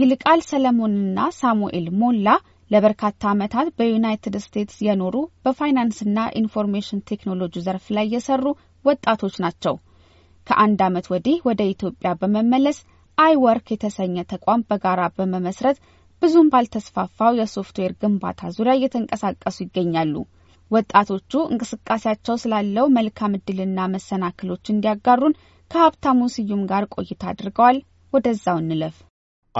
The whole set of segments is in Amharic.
ይልቃል ሰለሞንና ሳሙኤል ሞላ ለበርካታ ዓመታት በዩናይትድ ስቴትስ የኖሩ በፋይናንስና ኢንፎርሜሽን ቴክኖሎጂ ዘርፍ ላይ የሰሩ ወጣቶች ናቸው። ከአንድ ዓመት ወዲህ ወደ ኢትዮጵያ በመመለስ አይወርክ የተሰኘ ተቋም በጋራ በመመስረት ብዙም ባልተስፋፋው የሶፍትዌር ግንባታ ዙሪያ እየተንቀሳቀሱ ይገኛሉ። ወጣቶቹ እንቅስቃሴያቸው ስላለው መልካም እድልና መሰናክሎች እንዲያጋሩን ከሀብታሙ ስዩም ጋር ቆይታ አድርገዋል። ወደዛው እንለፍ።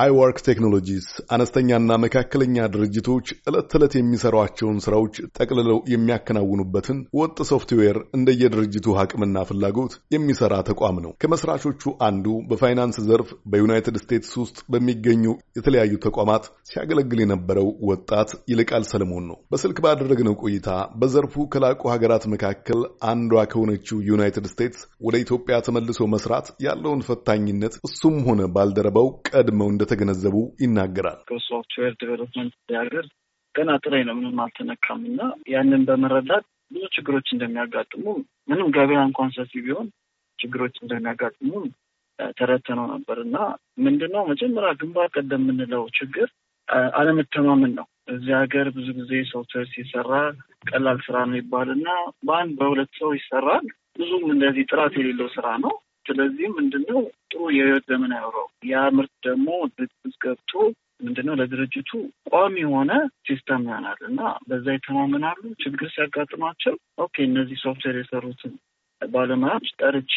አይወርክ ቴክኖሎጂስ አነስተኛና መካከለኛ ድርጅቶች ዕለት ተዕለት የሚሰሯቸውን ስራዎች ጠቅልለው የሚያከናውኑበትን ወጥ ሶፍትዌር እንደየድርጅቱ አቅምና ፍላጎት የሚሰራ ተቋም ነው። ከመስራቾቹ አንዱ በፋይናንስ ዘርፍ በዩናይትድ ስቴትስ ውስጥ በሚገኙ የተለያዩ ተቋማት ሲያገለግል የነበረው ወጣት ይልቃል ሰለሞን ነው። በስልክ ባደረግነው ቆይታ በዘርፉ ከላቁ ሀገራት መካከል አንዷ ከሆነችው ዩናይትድ ስቴትስ ወደ ኢትዮጵያ ተመልሶ መስራት ያለውን ፈታኝነት እሱም ሆነ ባልደረባው ቀድመው እንደ እንደተገነዘቡ ይናገራል። ሶፍትዌር ዴቨሎፕመንት ሀገር ገና ጥሬ ነው፣ ምንም አልተነካም እና ያንን በመረዳት ብዙ ችግሮች እንደሚያጋጥሙ ምንም ገበያ እንኳን ሰፊ ቢሆን ችግሮች እንደሚያጋጥሙ ተረተነው ነበር እና ምንድነው መጀመሪያ ግንባር ቀደም የምንለው ችግር አለመተማመን ነው። እዚህ ሀገር ብዙ ጊዜ ሶፍትዌር ሲሰራ ቀላል ስራ ነው ይባልና በአንድ በሁለት ሰው ይሰራል። ብዙም እንደዚህ ጥራት የሌለው ስራ ነው። ስለዚህ ምንድነው ጥሩ የህይወት ዘመን አይኖረው። ያ ምርት ደግሞ ድርጅት ገብቶ ምንድነው ለድርጅቱ ቋሚ የሆነ ሲስተም ይሆናል እና በዛ ይተማመናሉ። ችግር ሲያጋጥማቸው ኦኬ እነዚህ ሶፍትዌር የሰሩትን ባለሙያዎች ጠርቼ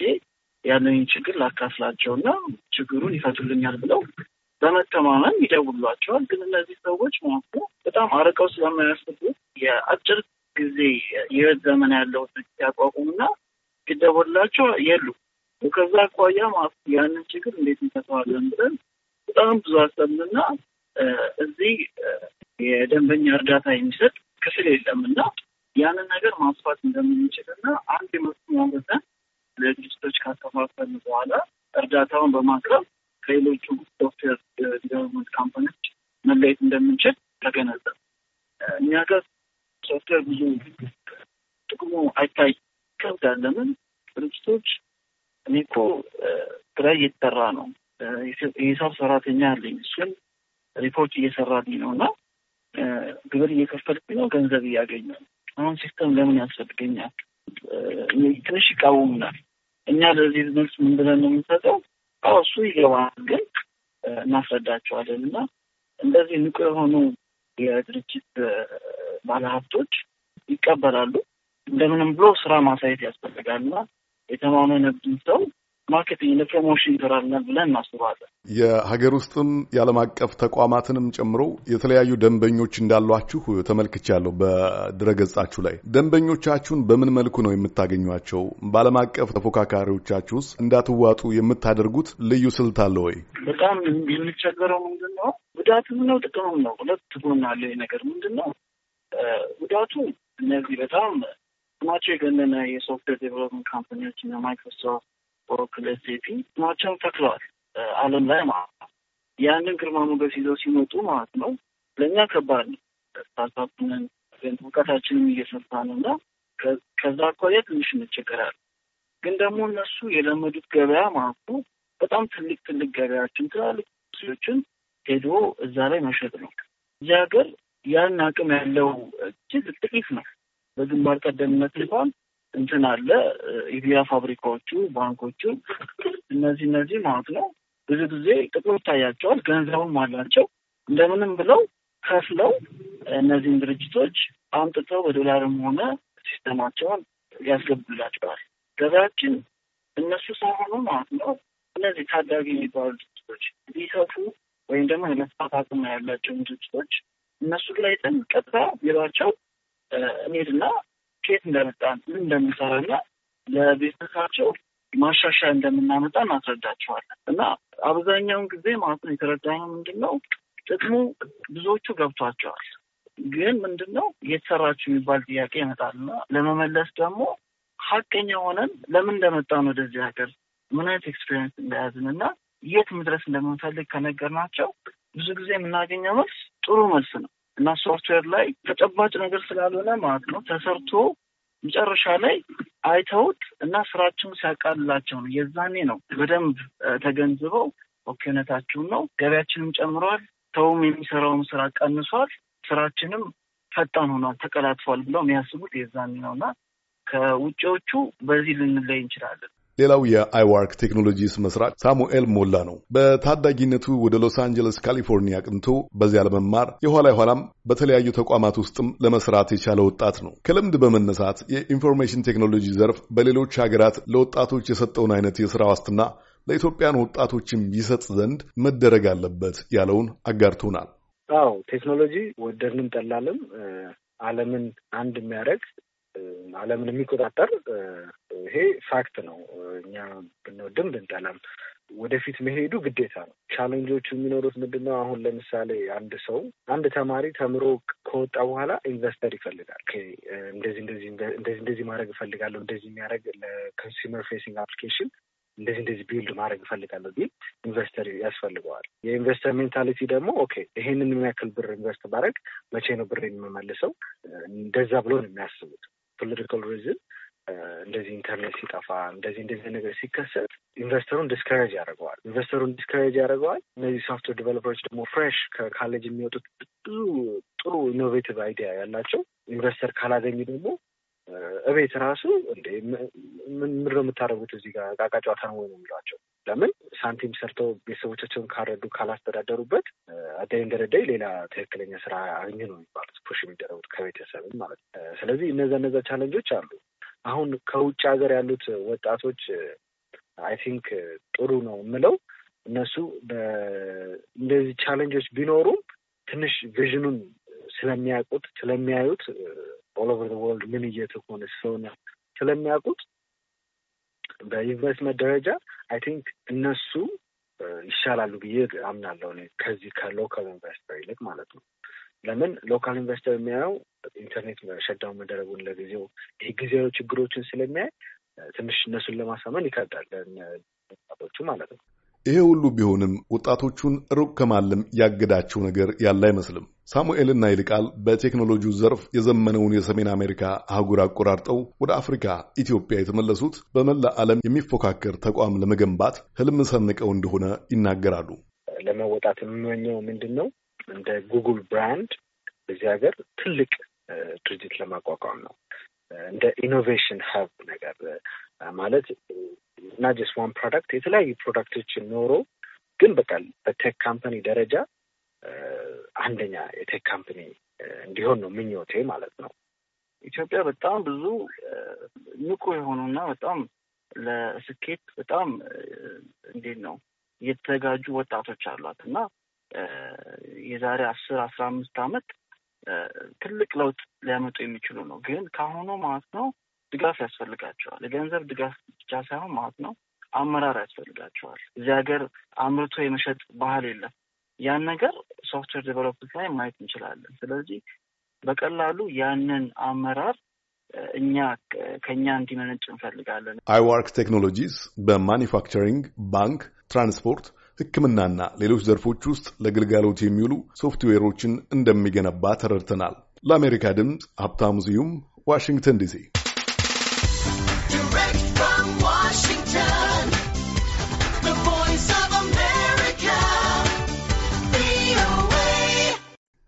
ያለኝ ችግር ላካፍላቸው እና ችግሩን ይፈቱልኛል ብለው በመተማመን ይደውሏቸዋል። ግን እነዚህ ሰዎች ማለት በጣም አርቀው ስለማያስቡ የአጭር ጊዜ የህይወት ዘመን ያለው ያቋቁሙና ሲደወላቸው የሉ ከዛ አኳያ ያንን ችግር እንዴት እንፈተዋለን ብለን በጣም ብዙ አሰብንና እዚህ የደንበኛ እርዳታ የሚሰጥ ክፍል የለም እና ያንን ነገር ማስፋት እንደምንችል እና አንድ የመስሚያ መጠን ለድርጅቶች ካከፋፈልን በኋላ እርዳታውን በማቅረብ ከሌሎቹ ሶፍትዌር ዲቨሎፕመንት ካምፓኒዎች መለየት እንደምንችል ተገነዘብ። እኛ ጋር ሶፍትዌር ብዙ ጥቅሙ አይታይ ከብዳለምን ድርጅቶች እኔ እኮ ትላይ እየተጠራ ነው። የሂሳብ ሰራተኛ አለኝ። እሱን ሪፖርት እየሰራልኝ ነው እና ግብር እየከፈልኩኝ ነው፣ ገንዘብ እያገኘ አሁን ሲስተም ለምን ያስፈልገኛል? ትንሽ ይቃወሙናል። እኛ ለዚህ መልስ ምን ብለን ነው የምንሰጠው? አዎ እሱ ይገባል፣ ግን እናስረዳቸዋለን እና እንደዚህ ንቁ የሆኑ የድርጅት ባለሀብቶች ይቀበላሉ። እንደምንም ብሎ ስራ ማሳየት ያስፈልጋልና የተማመነብን ሰው ማርኬቲንግ ለፕሮሞሽን ይሰራልናል ብለን እናስባለን። የሀገር ውስጥም የዓለም አቀፍ ተቋማትንም ጨምሮ የተለያዩ ደንበኞች እንዳሏችሁ ተመልክቻለሁ በድረገጻችሁ ላይ። ደንበኞቻችሁን በምን መልኩ ነው የምታገኟቸው? በዓለም አቀፍ ተፎካካሪዎቻችሁ ውስጥ እንዳትዋጡ የምታደርጉት ልዩ ስልት አለ ወይ? በጣም የምንቸገረው ምንድን ነው፣ ጉዳትም ነው ጥቅምም ነው። ሁለት ጎን አለ ነገር ምንድን ነው ጉዳቱ እነዚህ በጣም ስማቸው የገነነ የሶፍትዌር ዴቨሎፕመንት ካምፓኒዎች እና ማይክሮሶፍት፣ ኦራክል፣ ኤስፒ ስማቸውን ተክለዋል ዓለም ላይ ማለት ነው። ያንን ግርማ ሞገስ ይዘው ሲመጡ ማለት ነው ለእኛ ከባድ ነው። ስታርታፕንን እውቀታችንም እየሰፋ ነው እና ከዛ አኳያ ትንሽ እንቸገራለን። ግን ደግሞ እነሱ የለመዱት ገበያ ማለት ነው በጣም ትልቅ ትልቅ ገበያችን ትላልቅ ሲዎችን ሄዶ እዛ ላይ መሸጥ ነው። እዚህ ሀገር ያን አቅም ያለው እጅግ ጥቂት ነው። በግንባር ቀደምነት እንኳን እንትን አለ ኢቪያ ፋብሪካዎቹ፣ ባንኮቹ እነዚህ እነዚህ ማለት ነው። ብዙ ጊዜ ጥቅም ይታያቸዋል፣ ገንዘቡም አላቸው። እንደምንም ብለው ከፍለው እነዚህን ድርጅቶች አምጥተው በዶላርም ሆነ ሲስተማቸውን ያስገቡላቸዋል። ገበያችን እነሱ ሳይሆኑ ማለት ነው እነዚህ ታዳጊ የሚባሉ ድርጅቶች ሊሰፉ ወይም ደግሞ የመስፋት አቅም ያላቸውን ድርጅቶች እነሱ ላይ ጥን ቀጥታ እንሄድና ኬት እንደመጣን ምን እንደምንሰራና ለቤተሰባቸው ማሻሻያ እንደምናመጣ እናስረዳቸዋለን። እና አብዛኛውን ጊዜ ማለት ነው የተረዳነው ምንድን ነው ጥቅሙ ብዙዎቹ ገብቷቸዋል። ግን ምንድን ነው የተሰራችሁ የሚባል ጥያቄ ይመጣልና ለመመለስ ደግሞ ሀቀኛ ሆነን ለምን እንደመጣን ወደዚህ ሀገር ምን አይነት ኤክስፔሪንስ እንደያዝን እና የት መድረስ እንደምንፈልግ ከነገርናቸው ብዙ ጊዜ የምናገኘው መልስ ጥሩ መልስ ነው። እና ሶፍትዌር ላይ ተጨባጭ ነገር ስላልሆነ ማለት ነው ተሰርቶ መጨረሻ ላይ አይተውት እና ስራችን ሲያቃልላቸው ነው የዛኔ ነው በደንብ ተገንዝበው ኦኬነታችሁን ነው፣ ገበያችንም ጨምሯል፣ ተውም የሚሰራውን ስራ ቀንሷል፣ ስራችንም ፈጣን ሆኗል፣ ተቀላጥፏል ብለው የሚያስቡት የዛኔ ነው እና ከውጭዎቹ በዚህ ልንለይ እንችላለን። ሌላው የአይዋርክ ቴክኖሎጂስ መስራች ሳሙኤል ሞላ ነው። በታዳጊነቱ ወደ ሎስ አንጀለስ ካሊፎርኒያ አቅንቶ በዚያ ለመማር የኋላ የኋላም በተለያዩ ተቋማት ውስጥም ለመስራት የቻለ ወጣት ነው። ከልምድ በመነሳት የኢንፎርሜሽን ቴክኖሎጂ ዘርፍ በሌሎች ሀገራት ለወጣቶች የሰጠውን አይነት የስራ ዋስትና ለኢትዮጵያን ወጣቶችም ይሰጥ ዘንድ መደረግ አለበት ያለውን አጋርቶናል። አዎ ቴክኖሎጂ ወደድንም ጠላልም ዓለምን አንድ የሚያደርግ ዓለምን የሚቆጣጠር ይሄ ፋክት ነው። እኛ ብንወድም ብንጠላም ወደፊት መሄዱ ግዴታ ነው። ቻሌንጆቹ የሚኖሩት ምንድን ነው? አሁን ለምሳሌ አንድ ሰው አንድ ተማሪ ተምሮ ከወጣ በኋላ ኢንቨስተር ይፈልጋል። እንደዚህ እንደዚህ ማድረግ እፈልጋለሁ፣ እንደዚህ የሚያደርግ ለኮንሱመር ፌሲንግ አፕሊኬሽን እንደዚህ እንደዚህ ቢውልድ ማድረግ እፈልጋለሁ ቢል ኢንቨስተር ያስፈልገዋል። የኢንቨስተር ሜንታሊቲ ደግሞ ኦኬ ይሄንን የሚያክል ብር ኢንቨስት ማድረግ መቼ ነው ብር የሚመልሰው? እንደዛ ብሎ ነው የሚያስቡት። ፖለቲካል ሪዝን uh, እንደዚህ ኢንተርኔት ሲጠፋ እንደዚህ እንደዚህ ነገር ሲከሰት ኢንቨስተሩን ዲስከሬጅ ያደርገዋል። ኢንቨስተሩን ዲስከሬጅ ያደርገዋል። እነዚህ ሶፍትዌር ዲቨሎፐሮች ደግሞ ፍሬሽ ከካሌጅ የሚወጡት ብዙ ጥሩ ኢኖቬቲቭ አይዲያ ያላቸው ኢንቨስተር ካላገኙ ደግሞ uh, እቤት ራሱ እንዴ ምንድን ነው የምታደርጉት እዚህ ጋር ዕቃ ጨዋታ ነው ወይ ነው የሚሏቸው። ለምን ሳንቲም ሰርተው ቤተሰቦቻቸውን ካረዱ ካላስተዳደሩበት አደይ uh, እንደረዳይ ሌላ ትክክለኛ ስራ አግኝ ነው የሚባሉ ፑሽ የሚደረጉት ከቤተሰብም ማለት ነው። ስለዚህ እነዚ እነዛ ቻለንጆች አሉ። አሁን ከውጭ ሀገር ያሉት ወጣቶች አይ ቲንክ ጥሩ ነው የምለው እነሱ እንደዚህ ቻለንጆች ቢኖሩም ትንሽ ቪዥኑን ስለሚያውቁት ስለሚያዩት ኦል ኦቨር ወርልድ ምን እየተሆነ ስለሆነ ስለሚያውቁት በኢንቨስትመንት ደረጃ አይ ቲንክ እነሱ ይሻላሉ ብዬ አምናለሁ ከዚህ ከሎካል ኢንቨስተር ይልቅ ማለት ነው። ለምን ሎካል ኢንቨስተር የሚያየው ኢንተርኔት ሸዳውን መደረጉን ለጊዜው ይህ ጊዜያዊ ችግሮችን ስለሚያይ ትንሽ እነሱን ለማሳመን ይከብዳል፣ ወጣቶቹ ማለት ነው። ይሄ ሁሉ ቢሆንም ወጣቶቹን ሩቅ ከማለም ያገዳቸው ነገር ያለ አይመስልም። ሳሙኤልና ይልቃል በቴክኖሎጂው ዘርፍ የዘመነውን የሰሜን አሜሪካ አህጉር አቆራርጠው ወደ አፍሪካ ኢትዮጵያ የተመለሱት በመላ ዓለም የሚፎካከር ተቋም ለመገንባት ህልም ሰንቀው እንደሆነ ይናገራሉ። ለመወጣት የምመኘው ምንድን ነው? እንደ ጉግል ብራንድ በዚህ ሀገር ትልቅ ድርጅት ለማቋቋም ነው። እንደ ኢኖቬሽን ሀብ ነገር ማለት እና ጀስት ዋን ፕሮዳክት የተለያዩ ፕሮዳክቶችን ኖሮ ግን በቃ በቴክ ካምፓኒ ደረጃ አንደኛ የቴክ ካምፓኒ እንዲሆን ነው ምኞቴ ማለት ነው። ኢትዮጵያ በጣም ብዙ ንቁ የሆኑና በጣም ለስኬት በጣም እንዴት ነው የተዘጋጁ ወጣቶች አሏት እና የዛሬ አስር አስራ አምስት ዓመት ትልቅ ለውጥ ሊያመጡ የሚችሉ ነው። ግን ከአሁኑ ማለት ነው ድጋፍ ያስፈልጋቸዋል። የገንዘብ ድጋፍ ብቻ ሳይሆን ማለት ነው አመራር ያስፈልጋቸዋል። እዚህ ሀገር አምርቶ የመሸጥ ባህል የለም። ያን ነገር ሶፍትዌር ዴቨሎፕመንት ላይ ማየት እንችላለን። ስለዚህ በቀላሉ ያንን አመራር እኛ ከእኛ እንዲመነጭ እንፈልጋለን። አይዋርክ ቴክኖሎጂስ በማኒፋክቸሪንግ፣ ባንክ፣ ትራንስፖርት ሕክምናና ሌሎች ዘርፎች ውስጥ ለግልጋሎት የሚውሉ ሶፍትዌሮችን እንደሚገነባ ተረድተናል። ለአሜሪካ ድምፅ ሀብታሙ ስዩም ዋሽንግተን ዲሲ